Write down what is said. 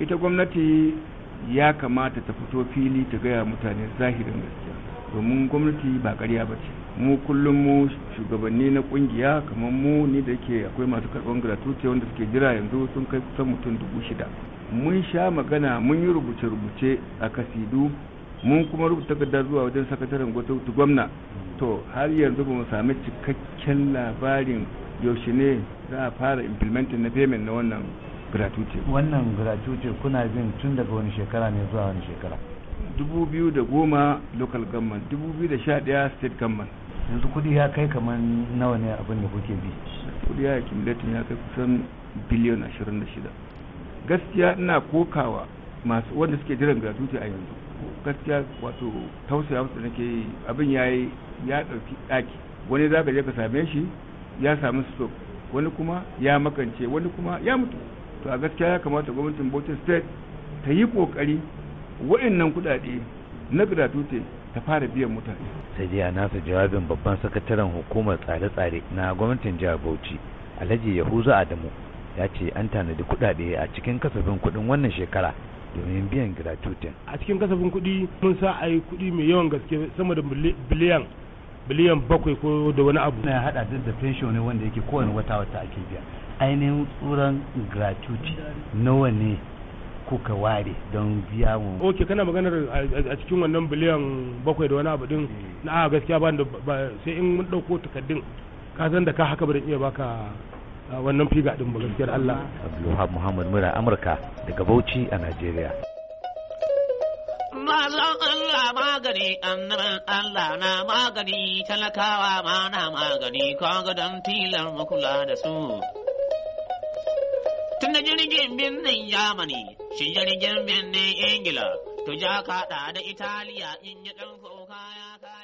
ita gwamnati ya kamata ta fito fili ta gaya mutane zahirin gaskiya domin gwamnati ba karya ba ce mu kullum mu shugabanni na kungiya kamar mu ni da ke akwai masu karɓar gratuity wanda suke jira yanzu sun kai kusan mutum dubu shida mun sha magana mun yi rubuce-rubuce a kasidu mun kuma rubuta takarda zuwa wajen sakataren gwamnati gwamna to har yanzu ba mu sami cikakken labarin yaushe ne za a fara implementing na payment na wannan gratuity wannan gratuity kuna bin tun daga wani shekara ne zuwa wani shekara 2010 local government 2011 state government yanzu kudi ya kai kamar nawa ne abin da kuke bi kudi ya accumulating ya kai kusan biliyan 26 gaskiya ina kokawa masu wanda suke jiran gratuity a yanzu gaskiya wato tausaya musu nake yi abin ya yi ya ɗauki ɗaki wani za ka je ka same shi ya samu stroke wani kuma ya makance wani kuma ya mutu to a gaskiya ya kamata gwamnatin Bauchi state ta yi kokari wa'annan kudade na gratuity ta fara biyan mutane sai dai a nasa jawabin babban sakataren hukumar tsare-tsare na gwamnatin jihar Bauchi Alhaji Yahuza Adamu ya ce an tanadi kudade a cikin kasafin kudin wannan shekara domin biyan gratuity a cikin kasafin kudi mun sa a yi kudi mai yawan gaske sama da biliyan biliyan bakwai ko da wani abu na hada da pension ne wanda yake kowane wata wata ake biya ainihin tsoron gratuity nawa ne kuka ware don biya mu ok kana maganar a cikin wannan biliyan bakwai da wani abu din na a gaskiya ba sai in mun ɗauko takardun ka san da ka haka ba iya baka wannan figa din ba gaskiyar Allah Abdulwahab Muhammad Mura Amurka daga Bauchi a Najeriya Mazan Allah magani, annaban Allah na magani, talakawa ma na magani, kaga don tilar makula da su. Tun da jirgin birnin Yamani, shi jirgin birnin Ingila, to ja da Italiya in yi ɗan